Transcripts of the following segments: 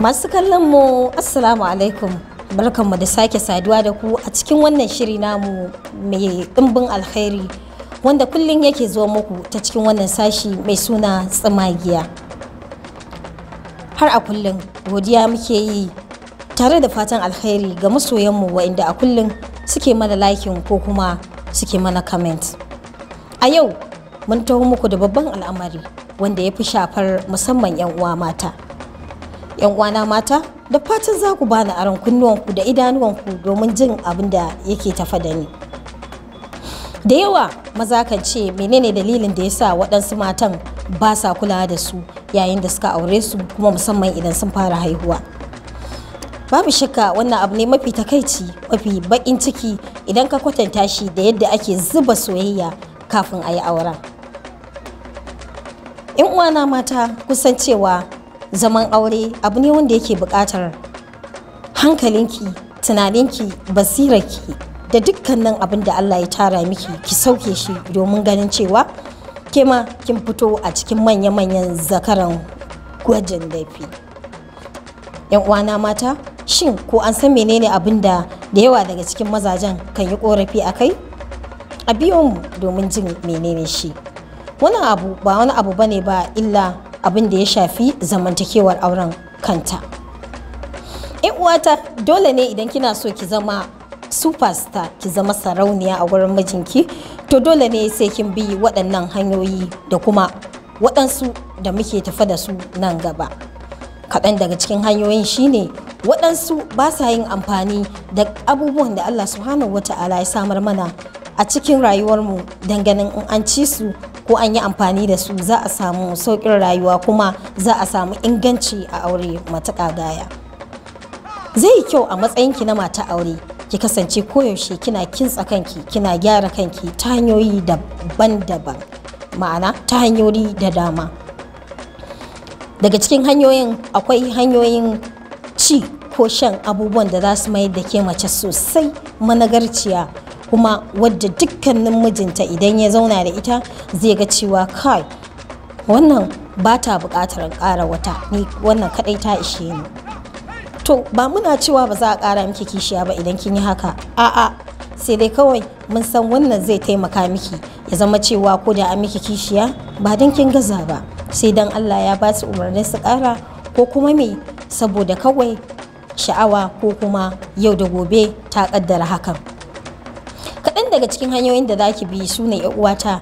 Masu kallon mu Assalamu alaikum. Barkanmu da sake saduwa da ku a cikin wannan shiri namu mai ɗimbin alkhairi wanda kullum yake zo muku ta cikin wannan sashi mai suna tsumagiya. Har a kullum godiya muke yi tare da fatan alkhairi ga masoyanmu wa'inda a kullum suke mana laikin ko kuma suke mana comment. A yau mun taho muku da babban al'amari wanda ya fi shafar musamman 'yan uwa mata. 'yan uwana mata da fatan za ku bani aron kunnuwanku da idanuwanku domin jin abin da yake tafa da ni da yawa maza kan ce menene dalilin da ya sa waɗansu matan ba sa kula da su yayin da suka aure su kuma musamman idan sun fara haihuwa babu shakka wannan abu ne mafi takaici mafi baƙin ciki idan ka kwatanta shi da yadda ake zuba soyayya kafin a yi auren. 'yan uwana mata kusan cewa zaman aure abu ne wanda yake buƙatar hankalinki tunaninki basirarki da dukkanin abin da Allah ya tara miki ki sauke shi domin ganin cewa ke kin fito a cikin manya-manyan zakaran gwajin dafi yan uwana mata shin ko an san menene abin da da yawa daga cikin mazajen kan yi korafi a kai a biyo mu domin jin menene shi Wani abu ba wani abu bane ba illa abin da ya shafi zamantakewar auren kanta uwata dole ne idan kina so ki zama superstar ki zama sarauniya a wurin mijinki to dole ne sai kin bi waɗannan hanyoyi da kuma waɗansu da muke tafa da su nan gaba kaɗan daga cikin hanyoyin shine waɗansu ba sa yin amfani da abubuwan da allah subhanahu ta'ala ya samar mana a cikin rayuwarmu ganin in an ci su ko an yi amfani da su za a samu sauƙin rayuwa kuma za a samu inganci a aure matuƙa gaya zai yi kyau a matsayinki na mata aure ki kasance koyaushe kina kintsa kanki kina gyara kanki ta hanyoyi daban-daban ma'ana ta hanyoyi da dama daga cikin hanyoyin akwai hanyoyin ci ko shan abubuwan da za su mayar da ke mace sosai managarciya kuma wadda dukkanin mijinta idan ya zauna da ita zai ga cewa kai wannan ba ta buƙatar ƙara wata ni wannan kaɗai ta ishe ni to ba muna cewa ba za a ƙara miki kishiya ba idan kin yi haka a'a sai dai kawai mun san wannan zai taimaka miki ya zama cewa ko da an miki kishiya ba don kin gaza ba sai dan Allah ya ba su umarnin su ƙara ko kuma me saboda kawai sha'awa ko kuma yau da gobe ta ƙaddara hakan daga cikin hanyoyin da za ki bi su ne uwata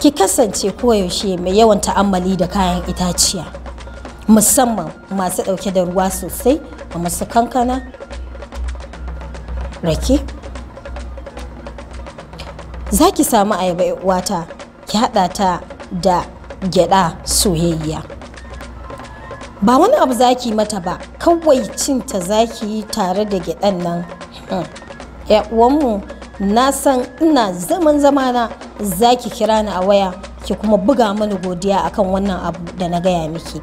ki kasance koyaushe mai yawan ta'ammali da kayan itaciya musamman masu ɗauke da ruwa sosai a masu kankana rake za ki samu ayaba uwata ki haɗa ta da gyaɗa soyayya ba wani abu za ki mata ba kawai cinta za ki yi tare da gyaɗan nan hmm. uwanmu na san ina zaman zamana za ki kira ni a waya ki kuma buga mani godiya akan wannan abu da na gaya miki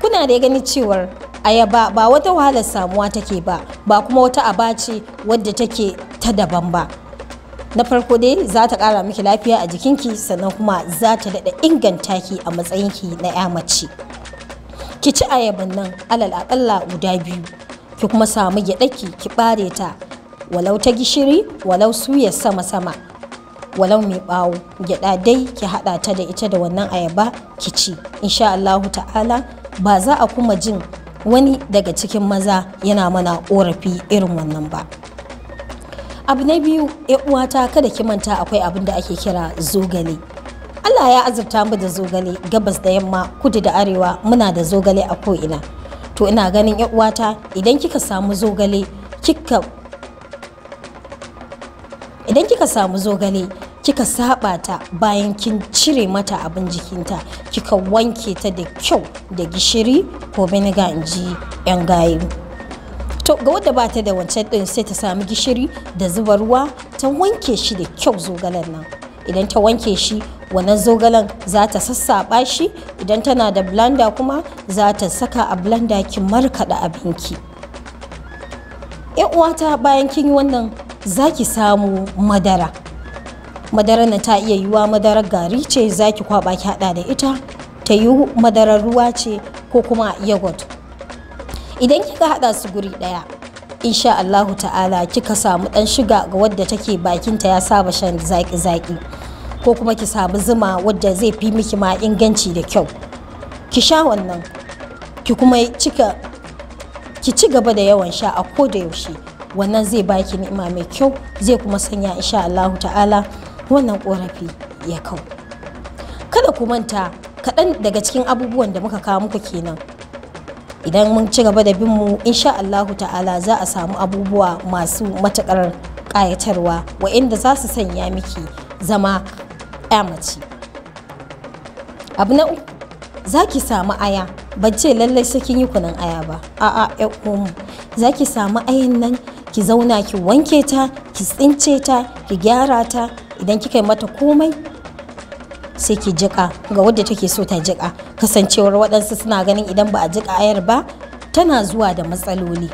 kuna da gani cewar ayaba ba wata wahalar samuwa take ba ba kuma wata aba ce wadda take ta daban ba na farko dai za ta ƙara miki lafiya a jikinki sannan kuma za ta daɗa inganta ki a matsayinki na 'ya mace ki ci ayaban nan alal aƙalla guda biyu ki kuma samu gyaɗaki ki ɓare ta walau ta gishiri walau suya sama-sama walau mai bawo gyada dai ki hada ta da ita da wannan ayaba ki ci insha Allahu ta'ala ba za a kuma jin wani daga cikin maza yana mana korafi irin wannan ba abu na biyu uwata kada ki manta akwai abin da ake kira zogale Allah ya azurta mu da zogale gabas da yamma kudu da arewa muna da zogale a ko ina to ina ganin uwata idan kika samu zogale kika idan kika samu zogale kika saba ta bayan kin cire mata abin jikinta kika wanke ta da kyau da gishiri ko vinegar in ji 'yan gayi to ga wadda ba ta da wancan din sai ta samu gishiri da zuba ruwa ta wanke shi da kyau zogalen nan idan ta wanke shi wannan zogalen za ta sassaɓa shi idan tana da blanda kuma za ta saka a blanda ki markaɗa abinki uwata bayan kin yi wannan za ki samu madara madara na ta iya yiwuwa madarar gari ce za ki kwaba ki hada da ita ta yi madarar ruwa ce ko kuma yogurt idan kika hada su guri daya insha Allahu ta'ala kika samu dan shiga ga wadda take bakinta ya saba shan zaki-zaki ko kuma ki samu zuma wadda zai fi miki ma inganci da kyau ki sha wannan ki kuma ki ci gaba da yawan sha a ko da yaushe wannan zai baki ni'ima mai kyau zai kuma sanya insha Allahu ta'ala wannan korafi ya kau kada ku manta kaɗan daga cikin abubuwan da muka kawo muku kenan idan mun ci gaba da bin mu insha Allahu ta'ala za a samu abubuwa masu matakar ƙayatarwa wa'inda za su sanya miki zama mace abu na uku za ki samu aya ban lallai sai kin yi kunan aya ba a'a ƴan uwanmu za ki samu ayan nan ki zauna ki wanke ta ki tsince ta ki gyara ta idan kika yi mata komai sai ki jika ga wadda take so ta jika kasancewar waɗansu suna ganin idan ba a jika ayar ba tana zuwa da matsaloli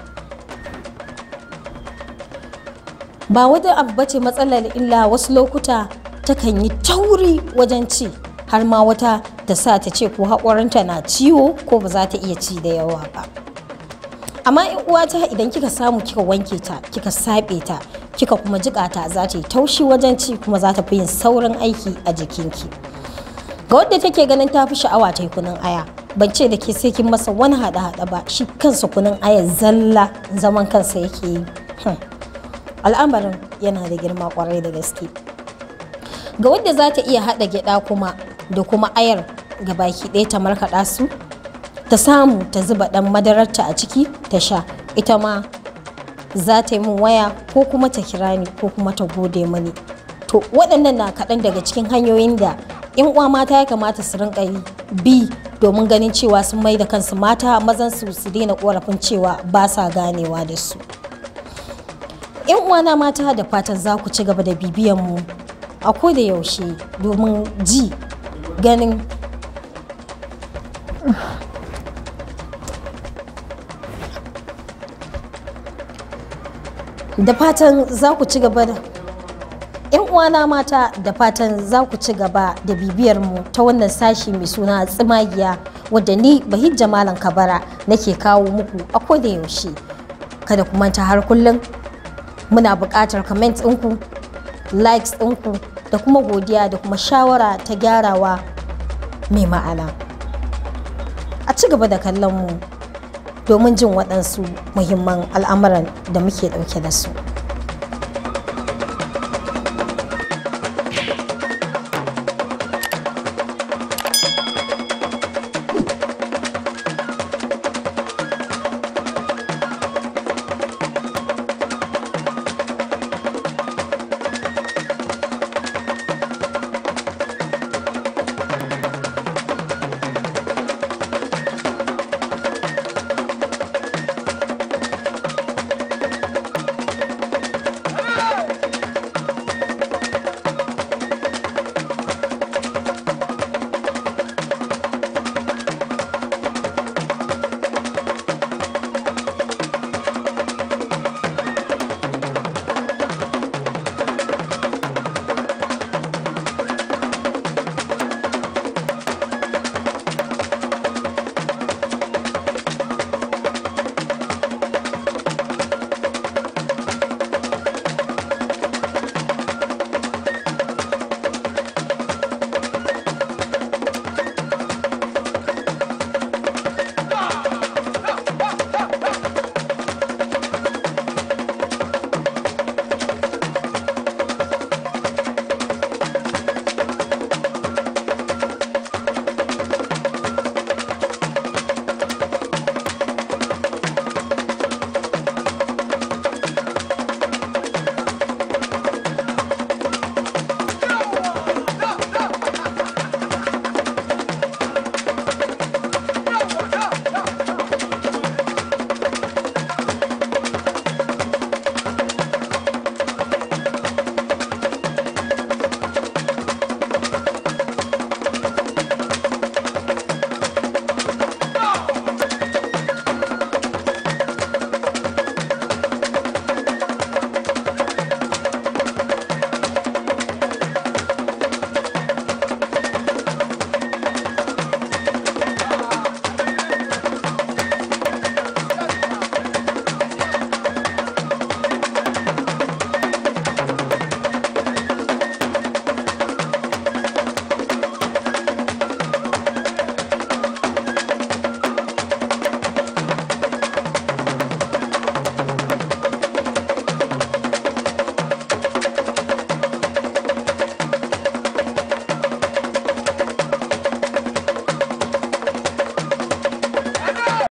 ba wata abu ba ce matsalar illa wasu lokuta takan yi tauri wajen ci har ma wata ta sa ta ce ko haƙorinta na ciwo ko ba za ta iya ci da yawa ba. amma in uwata idan kika samu kika wanke ta kika saɓe ta kika kuma jiƙa ta za ta yi taushi wajen ci kuma za ta fi yin saurin aiki a jikinki ga wadda take ganin ta fi sha'awa ta yi kunun aya ban ce da ke sai kin masa wani haɗa-haɗa ba shi kansa kunun aya zalla zaman kansa yake yi hmm. al'amarin yana da girma kwarai da gaske ga wadda za ta iya hada gyaɗa kuma da kuma ayar ga baki ɗaya ta markaɗa su ta samu ta zuba ɗan madararta a ciki ta sha ita ma za ta yi min waya ko kuma ta kira ni ko kuma ta gode mani to waɗannan na kaɗan daga cikin hanyoyin da 'yan uwa mata ya kamata su rinka yi bi domin ganin cewa sun mai da kansu mata mazan su su daina korafin cewa ba sa ganewa da su yan na mata da fatan za ku ci gaba da bibiyan mu a da yaushe domin ji ganin da fatan za ku ci gaba da yan uwana mata da fatan za ku ci gaba da bibiyar mu ta wannan sashi mai suna tsimagiya wadda ni bahijja malam kabara nake kawo muku a koda yaushe kada ku manta har kullum muna buƙatar comments ɗinku likes ɗinku da kuma godiya da kuma shawara ta gyarawa mai ma'ana a ci gaba da kallon mu domin jin waɗansu muhimman al'amuran da muke ɗauke da su.